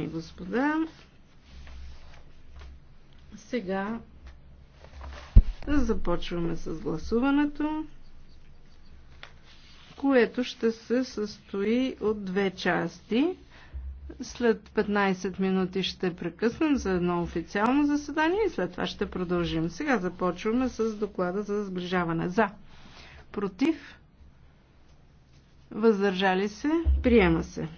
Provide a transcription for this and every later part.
дами и господа. Сега започваме с гласуването, което ще се състои от две части. След 15 минути ще прекъснем за едно официално заседание и след това ще продължим. Сега започваме с доклада за сближаване. За. Против. Въздържали се. Приема се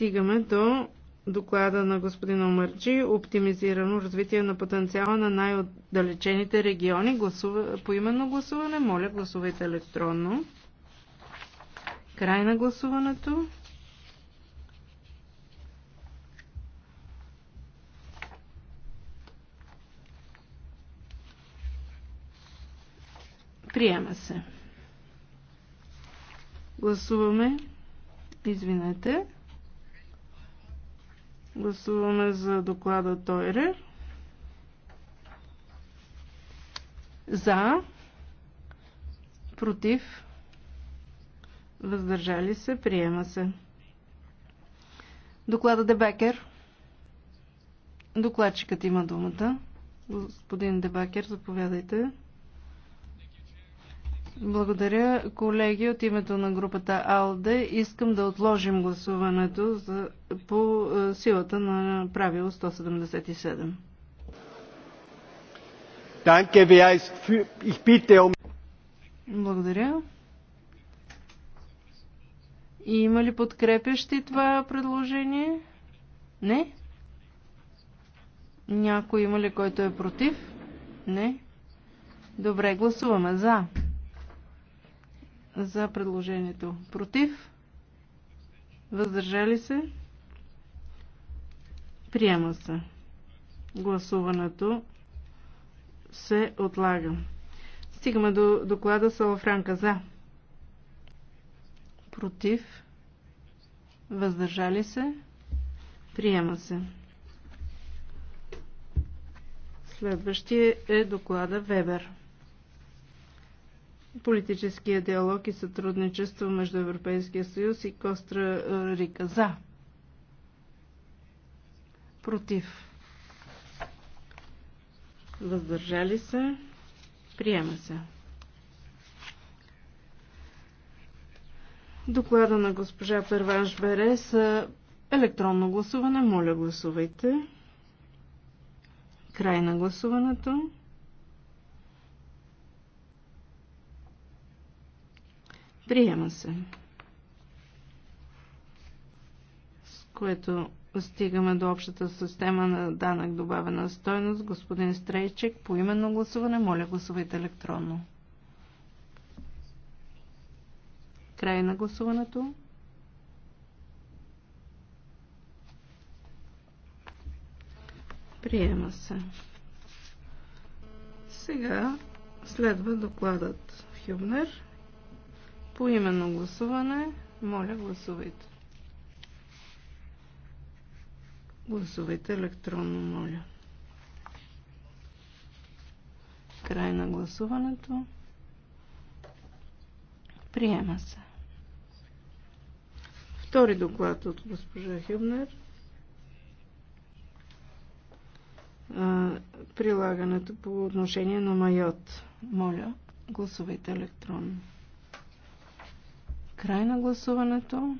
стигаме до доклада на господин Омърджи оптимизирано развитие на потенциала на най-отдалечените региони. Гласува, по именно гласуване, моля гласувайте електронно. Край на гласуването. Приема се. Гласуваме. Извинете. Гласуваме за доклада Тойре. За. Против. Въздържали се. Приема се. Доклада Дебекер. Докладчикът има думата. Господин Дебакер, заповядайте. Благодаря, колеги. От името на групата АЛДЕ искам да отложим гласуването за, по е, силата на правило 177. Um- Благодаря. И има ли подкрепящи това предложение? Не? Някой има ли който е против? Не? Добре, гласуваме за за предложението. Против? Въздържали се? Приема се. Гласуването се отлага. Стигаме до доклада Салафранка за. Против? Въздържали се? Приема се. Следващия е доклада Вебер политическия диалог и сътрудничество между Европейския съюз и Костра Рика. За. Против. Въздържали се. Приема се. Доклада на госпожа Перванш Берес. Електронно гласуване. Моля, гласувайте. Край на гласуването. Приема се. С което стигаме до общата система на данък добавена стойност. Господин Стрейчек, по именно гласуване, моля гласувайте електронно. Край на гласуването. Приема се. Сега следва докладът Хюбнер. По именно гласуване, моля гласувайте. Гласувайте електронно, моля. Край на гласуването. Приема се. Втори доклад от госпожа Хюбнер. Прилагането по отношение на майот. Моля, гласувайте електронно. Край на гласуването.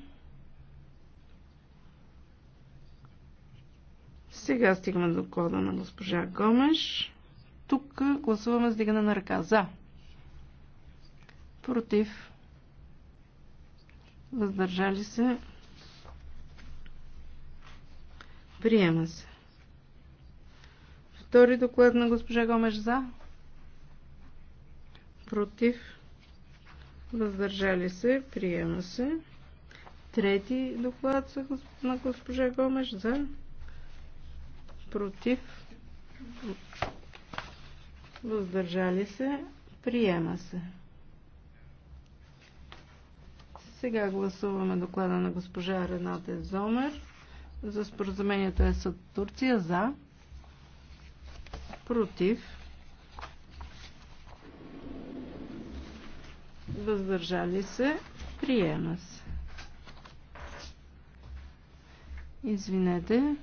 Сега стигаме до доклада на госпожа Гомеш. Тук гласуваме с дигане на ръка. За. Против. Въздържали се. Приема се. Втори доклад на госпожа Гомеш за. Против въздържали се, приема се. Трети доклад на госпожа Гомеш за против, въздържали се, приема се. Сега гласуваме доклада на госпожа Рената Зомер за споразумението е с Турция за против въздържали се, приема се. Извинете.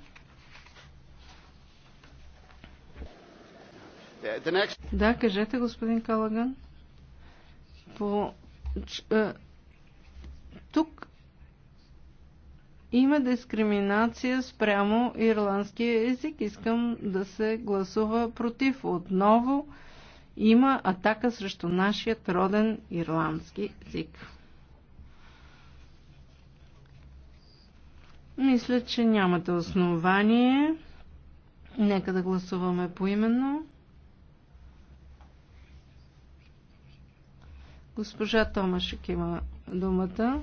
Да, кажете, господин Калаган. По... Тук има дискриминация спрямо ирландския език. Искам да се гласува против. Отново има атака срещу нашият роден ирландски език. Мисля, че нямате основание. Нека да гласуваме поименно. Госпожа Томашек има думата.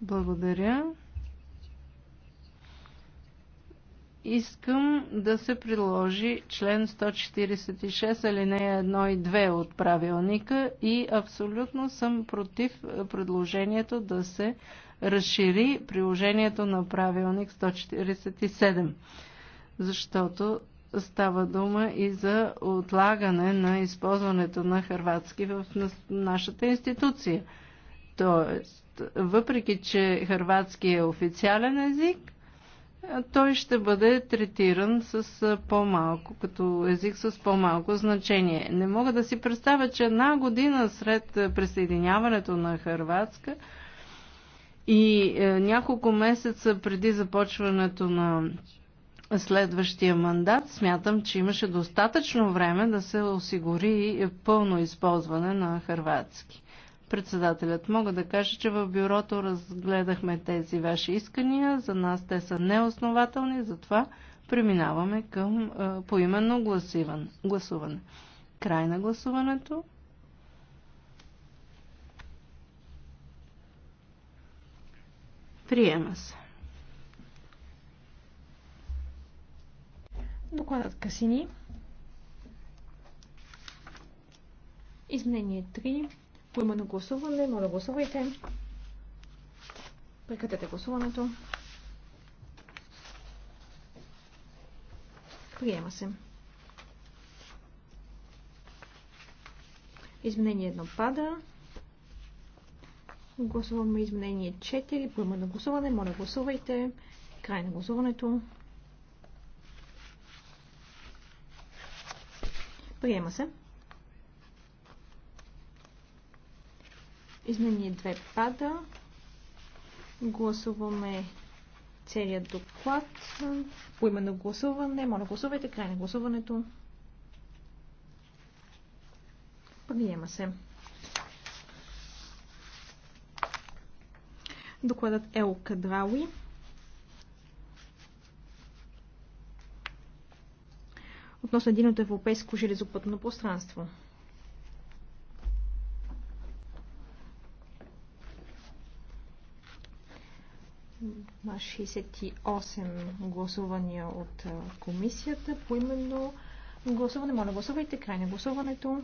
Благодаря. искам да се приложи член 146 алинея 1 и 2 от правилника и абсолютно съм против предложението да се разшири приложението на правилник 147, защото става дума и за отлагане на използването на хърватски в нашата институция. Тоест, въпреки, че хърватски е официален език, той ще бъде третиран с по-малко, като език с по-малко значение. Не мога да си представя, че една година след присъединяването на Харватска и няколко месеца преди започването на следващия мандат, смятам, че имаше достатъчно време да се осигури пълно използване на харватски. Председателят мога да кажа, че в бюрото разгледахме тези ваши искания. За нас те са неоснователни, затова преминаваме към а, е, поименно гласуване. Край на гласуването. Приема се. Докладът Касини. Изменение Поема на гласуване, моля гласувайте. Прекратете гласуването. Приема се. Изменение 1 пада. Гласуваме изменение 4. поема на гласуване. Моля гласувайте. Край на гласуването. Приема се. Изменение две пада. Гласуваме целият доклад. По на гласуване. Моля, гласувайте. Край на гласуването. Приема се. Докладът Ел Кадрауи. Относно един от европейско железопътно пространство. 68 гласувания от комисията. По именно гласуване, моля, гласувайте край на гласуването.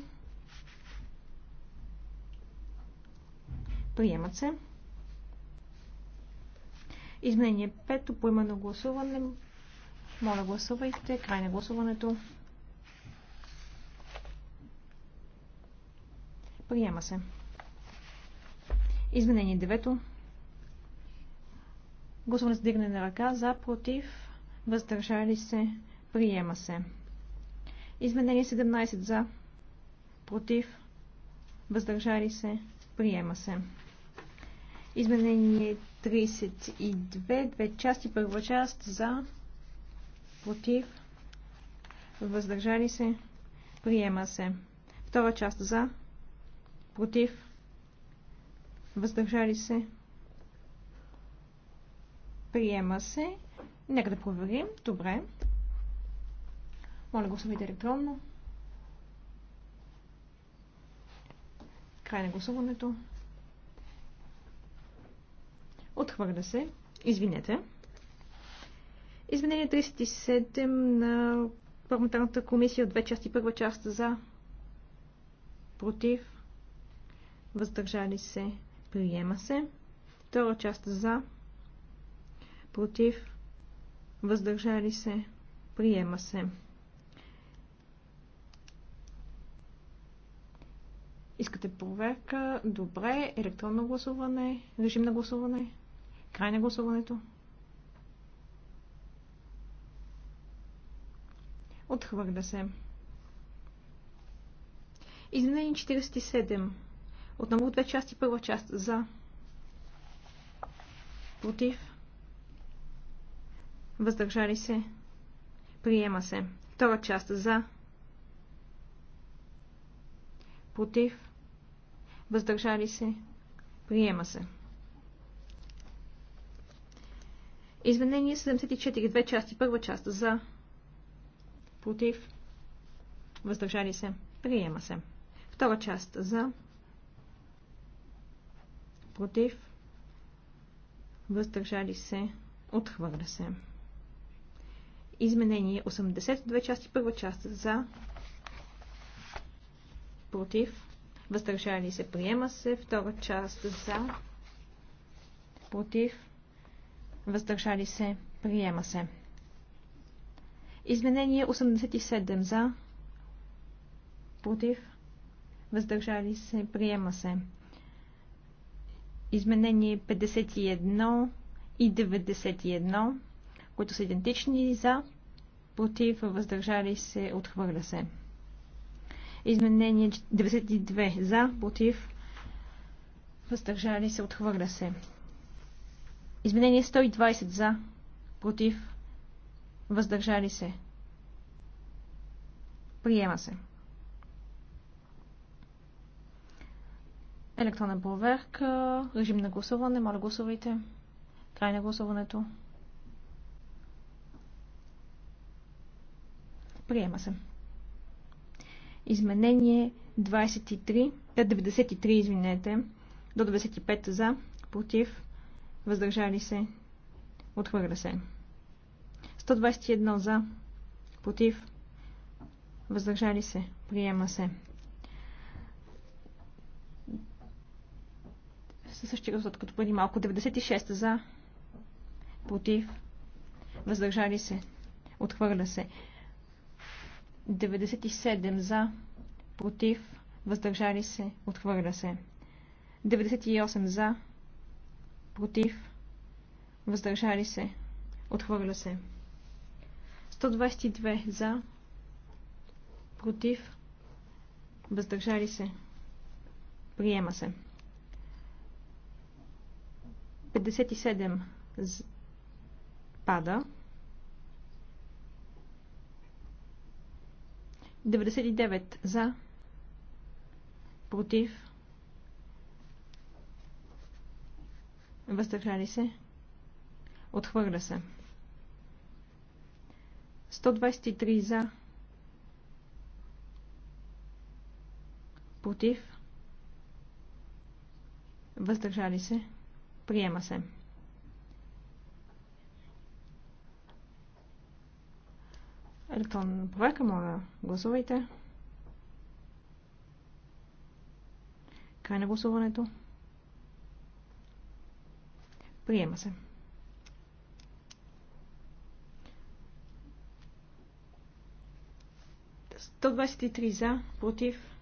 Приемат се. Изменение 5 по именно гласуване. Моля, гласувайте край на гласуването. Приема се. Изменение 9. Гласуване с дигане на ръка. За, против, въздържали се, приема се. Изменение 17 за, против, въздържали се, приема се. Изменение 32, две части, първа част за, против, въздържали се, приема се. Втора част за, против, въздържали се, Приема се. Нека да проверим. Добре. Моля, гласувайте електронно. Край на гласуването. Отхвърля се. Извинете. Изменение 37 на парламентарната комисия от две части. Първа част за против въздържали се. Приема се. Втора част за против, въздържали се, приема се. Искате проверка? Добре. Електронно гласуване, режим на гласуване, край на гласуването. Отхвърля се. Изменение 47. Отново две части. Първа част за. Против. Въздържали се. Приема се. Втора част за. Против. Въздържали се. Приема се. Изменение 74. Две части. Първа част за. Против. Въздържали се. Приема се. Втора част за. Против. Въздържали се. Отхвърля се. Изменение 80, две части, първа част за, против, въздържали се, приема се, втора част за, против, въздържали се, приема се. Изменение 87 за, против, въздържали се, приема се. Изменение 51 и 91, които са идентични за, против, въздържали се, отхвърля се. Изменение 92 за, против, въздържали се, отхвърля се. Изменение 120 за, против, въздържали се. Приема се. Електронна проверка, режим на гласуване, моля гласувайте. Край на гласуването. Приема се. Изменение 23, 93, е, извинете, до 95 за, против, въздържали се, отхвърля се. 121 за, против, въздържали се, приема се. Със същия резултат като преди малко. 96 за, против, въздържали се, отхвърля се. 97 за, против, въздържали се, отхвърля се. 98 за, против, въздържали се, отхвърля се. 122 за, против, въздържали се, приема се. 57 пада. 99 за, против, въздържали се, отхвърля се. 123 за, против, въздържали се, приема се. Електронна проверка, моля, гласувайте. Край на гласуването. Приема се. Сто 23 за, против,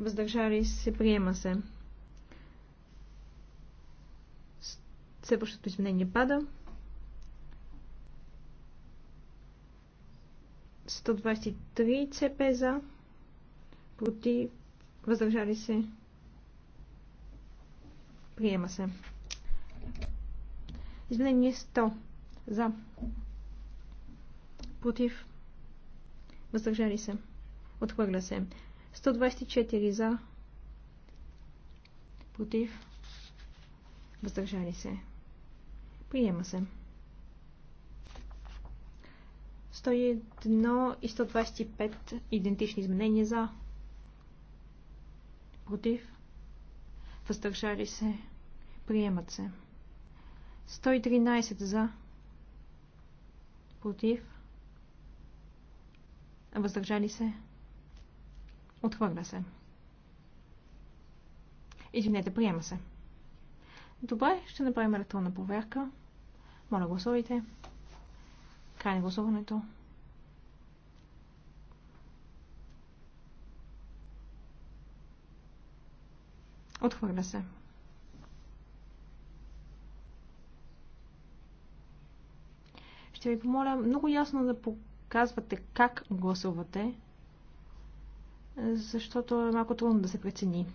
въздържали се, приема се. Следващото изменение пада. 123 ЦП за, против, въздържали се, приема се. Изменение 100 за, против, въздържали се, отхвърля се. 124 за, против, въздържали се, приема се. 101 и 125 идентични изменения за. Против. Въздържали се. Приемат се. 113 за. Против. Въздържали се. Отхвърля се. Извинете, приема се. Добре, ще направим електронна проверка. Моля, гласувайте. Край на гласуването. Отхвърля се. Ще ви помоля много ясно да показвате как гласувате, защото е малко трудно да се прецени.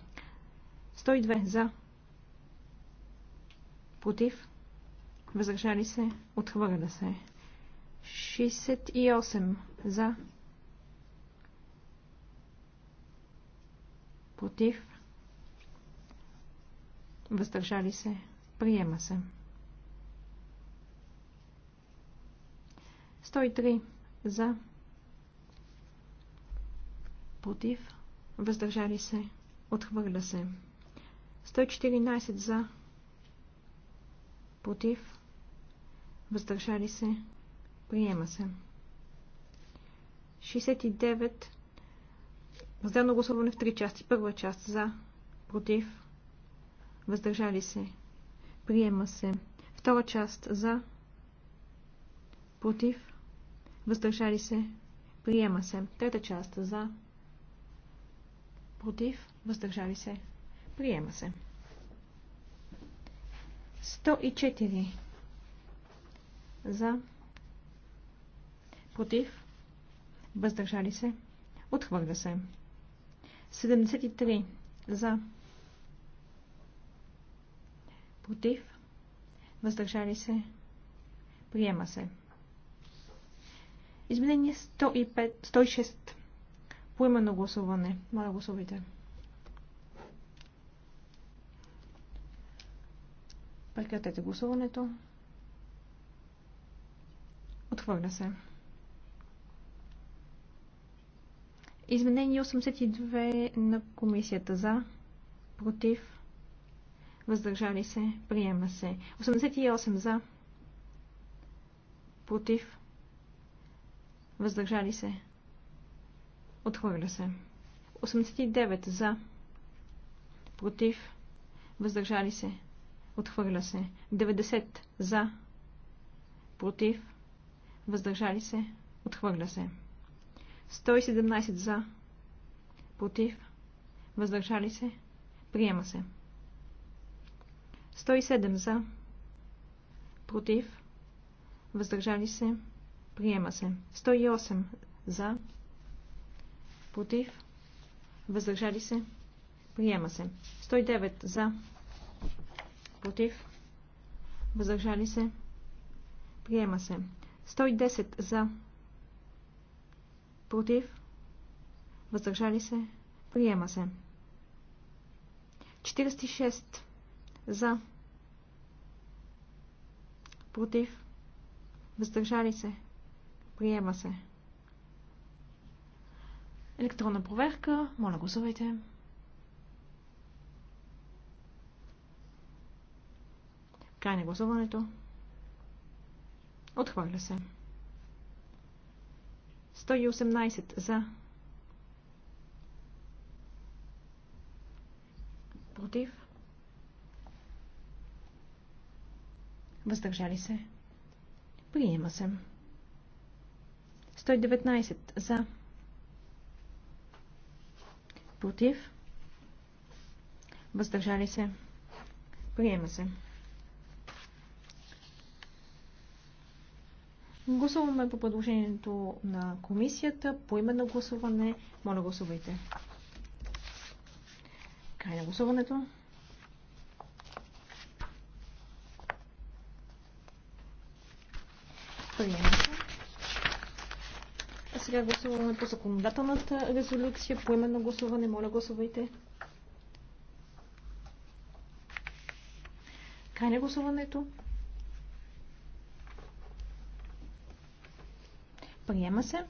102 за. Против. Възражали се. Отхвърля се. 68 за. Против. Въздържали се. Приема се. 103 за. Против. Въздържали се. Отхвърля се. 114 за. Против. Въздържали се. Приема се. 69. Разделно гласуване в три части. Първа част за, против, въздържали се. Приема се. Втора част за, против, въздържали се. Приема се. Трета част за, против, въздържали се. Приема се. 104 за, Против. Въздържали се. Отхвърля се. 73. За. Против. Въздържали се. Приема се. Изменение 105, 106. Поименно гласуване. Моля гласувайте. Прекратете гласуването. Отхвърля се. Изменение 82 на комисията за, против, въздържали се, приема се. 88 за, против, въздържали се, отхвърля се. 89 за, против, въздържали се, отхвърля се. 90 за, против, въздържали се, отхвърля се. 117 за. Против. Въздържали се. Приема се. 107 за. Против. Въздържали се. Приема се. 108 за. Против. Въздържали се. Приема се. 109 за. Против. Въздържали се. Приема се. 110 за против, въздържали се, приема се. 46 за, против, въздържали се, приема се. Електронна проверка, моля гласувайте. Край на гласуването. Отхвърля се. 118 за. Против. Въздържали се. Приема се. 119 за. Против. Въздържали се. Приема се. Гласуваме по предложението на комисията, по име на гласуване. Моля, гласувайте. Край на гласуването. се. А сега гласуваме по законодателната резолюция, по име на гласуване. Моля, гласувайте. Край на гласуването. Приема се.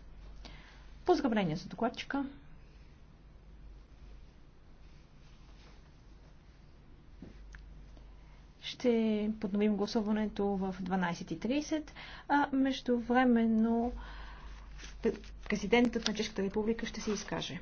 Поздравление за докладчика. Ще подновим гласуването в 12.30, а междувременно президентът на Чешката република ще се изкаже.